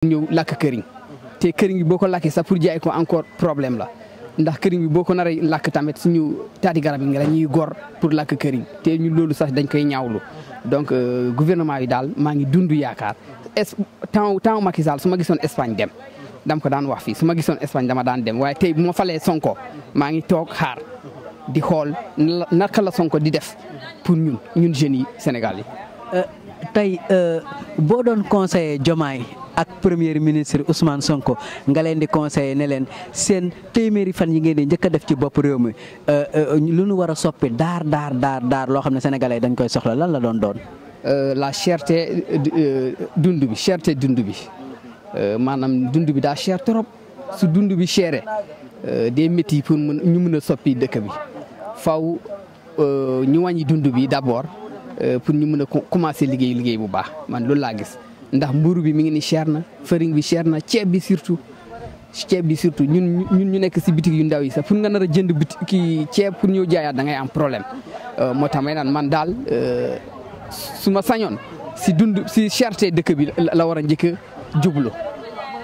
ñëw lakk këriñ te këriñ bi boo ko lakkee sax pour jaay ko encore problème la ndax këriñ bi boo ko nar a lakk tamit suñu taati garab yi gor pour lakk këriñ te ñu loolu sax dañ koy ñaawlu donc euh, gouvernement yi daal maa ngi dund yaakaar est temps temps Macky Sall su ma gisoon Espagne dem dama ko daan wax fii su ma gisoon Espagne dama daan dem waaye tey bu ma falee Sonko maa ngi toog xaar di xool naka la Sonko di def pour ñun ñun jeunes yi euh, tey euh, boo doon conseiller Diomaye ak premier ministre Ousmane Sonko nga leen di conseiller ne leen seen téeméeri fan yi ngeen di njëkk def ci bopp réew mi euh, euh, lu nu war a soppi daar daar daar daar loo xam ne sénégalais dañ koy soxla lan la doon doon. Euh, la cherté dund bi cherté dund bi maanaam dund bi daa cher trop su dund bi chéré des métiers pour ñu mën a soppi dëkk bi faw ñu wàññi dund bi d'abord pour ñu mën a commencer liggéey liggéey bu baax man loolu laa gis. ndax mburu bi mi ngi ni cher na farine bi cher na ceeb bi surtout ceeb bi surtout ñun ñun ñu nekk si bitik yu ndaw yi sax pour nga nar a jënd bitik kii ceeb pour ñu jaayaat da ngay am problème euh, moo tax may naan man daal euh, su ma sañoon si dund si cherté dëkk bi la war a njëkk a jublu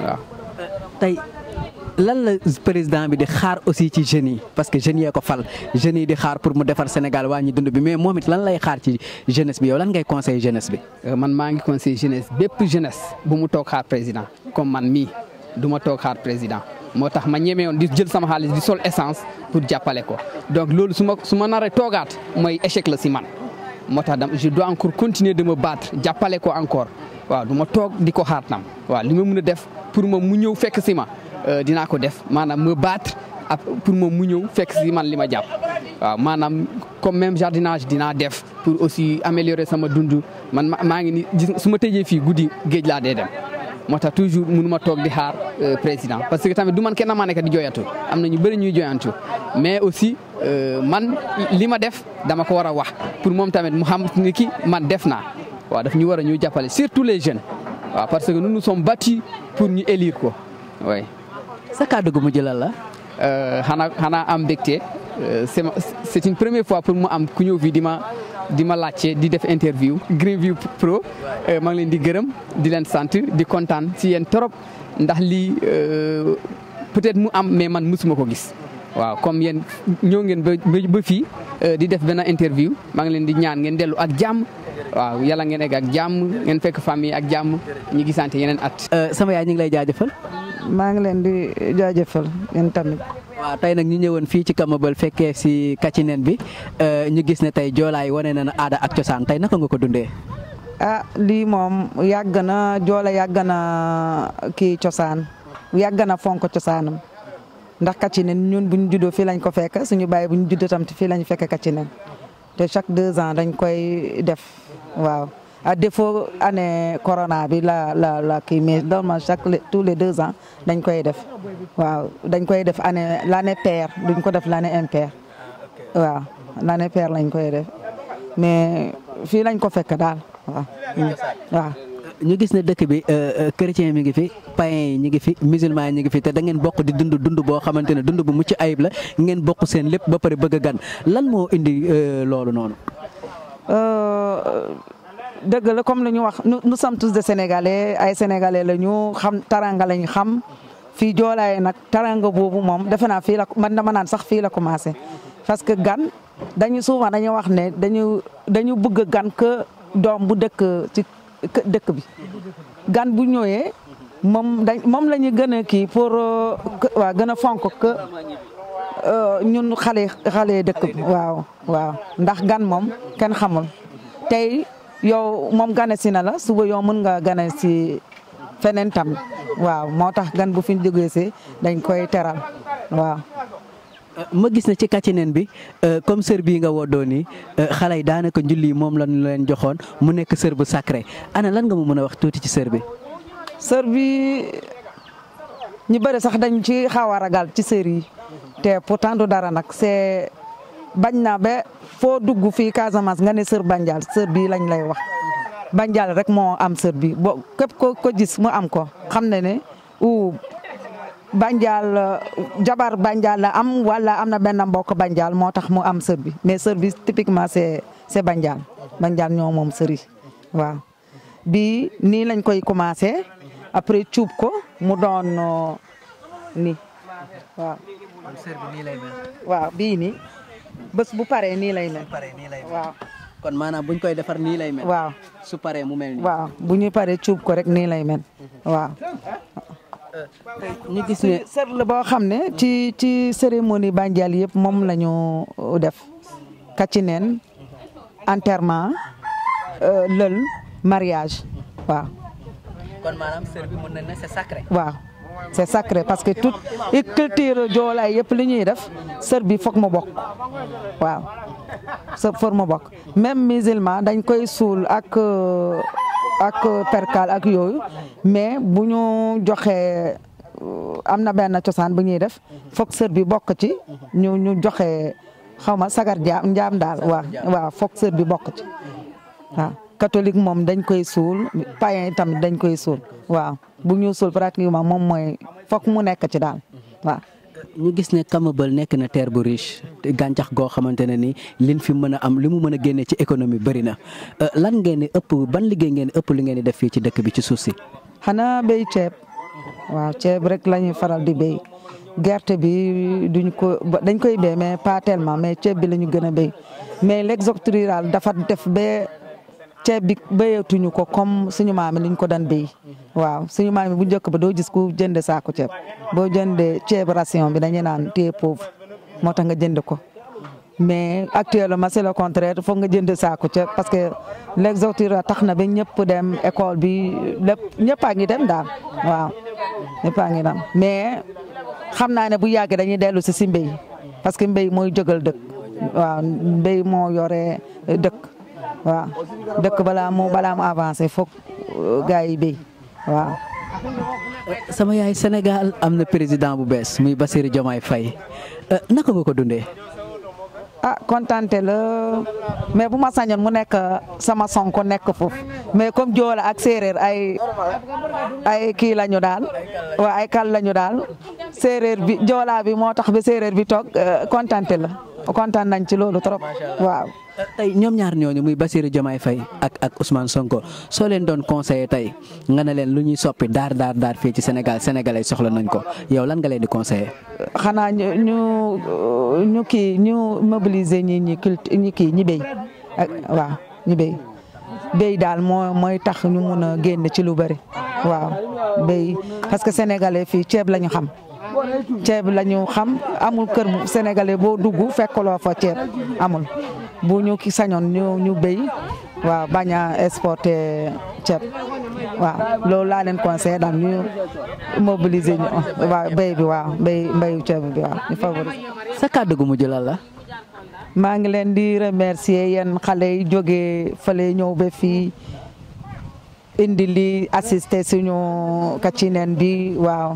waaw lan la président bi di xaar aussi ci jeunes yi parce que jeunes yee ko fal jeunes yi di xaar pour mu defar Sénégal wàññi dund bi mais moom it lan lay xaar ci jeunesse bi yow lan ngay conseil jeunesse bi. Euh, man maa ngi conseil jeunesse bépp jeunesse bu mu toog xaar président comme man mii duma ma toog xaar président moo tax ma ñeme woon di jël sama xaalis di sol essence pour jàppale ko donc loolu su ma ma naree toogaat mooy échec la si man moo tax dama je dois encore continuer de me battre jàppale ko encore waaw du ma toog di ko xaar tam waaw li ma mën a def pour ma mu ñëw fekk si ma Euh, dinaa ko def maanaam me battre pour moom mu ñëw fekk si man li ma jàpp waaw maanaam comme même jardinage dinaa def pour aussi améliorer sama dund man maa ngi ni gis su ma tëjee fii guddi géej laa dee dem moo tax toujours mënu ma toog di xaar euh, président parce que tamit du man kenn maa nekk di jooyantu am na ñu bëri ñuy jooyantu mais aussi euh, man li ma def dama ko war a wax pour moom tamit mu xam ni ki man def naa waaw daf ñu war a ñuy jàppale surtout les jeunes parce que nous nous sommes battus pour ñu élire ko sa kaddu gu mujj lan la euh, xana xana am mbekté euh, c'est une première fois pour moi am ku ñeu fi dima dima laccé di def interview greenview pro euh, ma ngi leen di gërëm di leen sant di contane ci yeen torop ndax li peut-être mu am mais man musuma ko gis waaw comme yeen ñoo ngeen ba fi di def benn interview ma ngi leen di ñaan ngeen delu ak jamm waaw yalla ngeen ak jamm ngeen fekk famille ak jamm ñi gisante yenen at sama yaay ñi ngi lay jaajeufal maa ngi leen di jaajëfal yéen tamit. waaw tey nag ñu ñëwoon fii ci Kamabel fekkee si Kacineen bi euh, ñu gis ne tey joolaay wane na na aada ak cosaan tey naka nga ko dundee. a ah, lii moom yàgg na joola yàgg na kii cosaan yàgg na fonk cosaanam ndax Kacineen ñun bu ñu juddoo fii lañ ko fekk suñu bàyyi bu ñu juddoo tamit fii lañ fekk Kacineen te chaque deux ans dañ koy def waaw. à défaut année corona bi la la la kii mais normalement chaque tous les deux ans dañ koy def waaw dañ koy def année l'année paire duñ ko def l'année impaire waaw l'année paire lañ koy def mais fii lañ ko fekk daal waaw ñu gis ne dëkk bi euh, euh, chrétien mi ngi fi païen yi ñu ngi fi musulman yi ñu ngi fi te da ngeen bokk di dund dund boo xamante ne dund bu mucc ayib la ngeen bokk seen lépp ba pare bëgg a gan lan moo indi euh, loolu noonu. dëgg la comme la ñu wax nous sommes tous de sénégalais ay sénégalais la ñu xam taranga la ñu xam fii joolaay nag taranga boobu moom defe naa fii la man dama naan sax fii la commencé parce que gan dañu souvent dañu wax ne dañu dañu bëgg gan que doom bu dëkk dëkk bi gan bu ñëwee moom dañ moom la ñu gën a kii pour euh, waa gën a fonk que euh, ñun xale xale dëkk bi waaw waaw ndax gan moom kenn xamul tey yow moom gane si na la suba yow mën nga gane si feneen waaw moo tax gan bu fi jógee dañ koy teral waaw. Euh, ma gis na ci katineen bi euh, comme sër bii nga woddoo nii euh, xale yi daanaka njulli moom la lañ leen joxoon mu nekk sër bu sacré ana lan nga mu mën a wax tuuti ci sër bi. sër sax dañ ci xaw a ragal ci sër yi te pourtant du dara nag c'est bañ be ba foo dugg fi Casamance nga ne sœur Bandial sœur bi lañ lay wax Bandial rek mo am sœur bi bo kep ko ko gis mu am ko xam ne u Bandial jabar Bandial la am wala amna na benn mbokk Bandial motax mo mu am sœur bi mais sœur bi typiquement c'est c'est Bandial Bandial ñoo mom sœur yi wa bi ni lañ koy commencé après cuub ko mu doon uh, ni wa sœur bi ni lay mel. wa bi ni bés bu paree nii lay mel. waaw. maanaam buñ koy defar nii lay mel. su paree mu mel nii. bu ñu paree cuub ko rek nii lay mel waaw. ñu gis ne sër boo xam ne ci ci cérémonie banjal yëpp moom lañu uh, def kacineen enterment uh, lël mariage waaw. waaw. c'est sacré parce que toute culture joolaay yëpp li ñuy def sër bi foog mu bokk waaw sër mu bokk même musulman dañ koy suul ak euh, ak perkal ak yooyu mais bu ñu joxee euh, am na benn cosaan bu ñuy def foog sër bokk ci ñu joxe xaw ma sagar jaam njaam daal waaw waaw foog sër bi bokk ci waaw catholique moom dañ koy suul païen tamit dañ koy suul waaw bu ñu suul pratiquement moom mooy fokk mu nekk ci daal waaw. ñu gis ne Kamabel nekk na teer bu riche gàncax goo xamante ne ni liñ fi mën a am li mu mën a génne ci économie bëri na euh, lan ngeen di ëpp ban liggéey ngeen ëpp li ngeen di def fii ci dëkk bi ci suuf si. xanaa béy ceeb waaw ceeb rek lañuy faral di béy gerte bi duñ ko dañ koy béy mais pas tellement mais ceeb bi la ñu gën a béy mais l'exode dafa def ba ceeb bi béyatuñu ko comme suñu maam yi liñ ko daan béy waaw suñu maam bu njëkk ba doo gis ku jënd saako ceeb boo jëndee ceeb ration bi dañuy naan téye pauvre moo tax nga jënd ko. mais actuellement c'est la contraire foog nga jënd saako ceeb parce que l'exoture tax na ba ñëpp dem école bi lépp ñëpp a ngi dem daal waaw ñëpp a ngi dem mais xam naa bu yàggee dañuy dellu si si mbéy parce que mbéy mooy jógal dëkk waaw mbéy moo yore dëkk. waaw dëkk balaa mu balaa mu avancé foog euh, gars yi béy waaw. sama yaay Sénégal am na président bu bees muy Bassirou Diomaye Faye euh, naka nga ko dundee. ah kontante la mais bu ma sañoon mu nekk euh, sama sonko nekk foofu mais comme joola ak séeréer ay ay kii la ñu daal waa ay kal la daal séeréer bi joola bi moo tax ba séeréer bi toog kontante la. kontaan nañ ci loolu trop waaw. Euh, tey ñoom ñaar ñooñu muy Bassirou Diomaye fay ak ak Ousmane Sonko soo leen doon conseiller tey nga ne leen lu ñuy soppi daar daar daar fii ci Sénégal sénégalais soxla nañ ko yow lan nga leen di conseiller. xanaa ñu ki ñu mobiliser ñi ñi culture ñi kii ñi béy ak waaw ñi béy béy daal moo mooy tax ñu mun a génn ci lu bari waaw béy parce que sénégalais fii ceeb la ñu xam. ceeb la ñu xam amul kër sénégalais boo dugg fekkaloo fa ceeb amul bu ñu ki sañoon ñu ñu béy waaw bañ a exporter ceeb waaw loolu laa leen conseillé daal ñu mobiliser ñu waaw béy bi waaw béy ceeb bi waaw ñu favoriser. sa mujj lan la. maa di remercier yéen xale yi jógee fële ñëw ba fii. indi lii assister suñu kaccineen bi waaw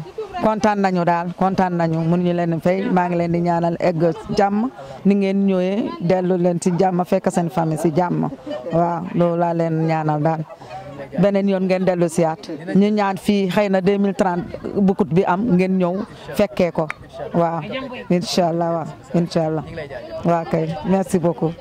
kontaan nañu daal kontaan nañu mënuñu leen fay maa ngi leen di ñaanal egg jàmm ni ngeen ñëwee dellu leen si jàmm fekk seen famille si jàmm waaw loolu laa leen ñaanal daal beneen yoon ngeen dellu si siyaat ñu ñaan fii xëy na 2030 bukut bi am ngeen ñëw fekkee ko waaw incha allah waaw incha waaw kay merci beaucoup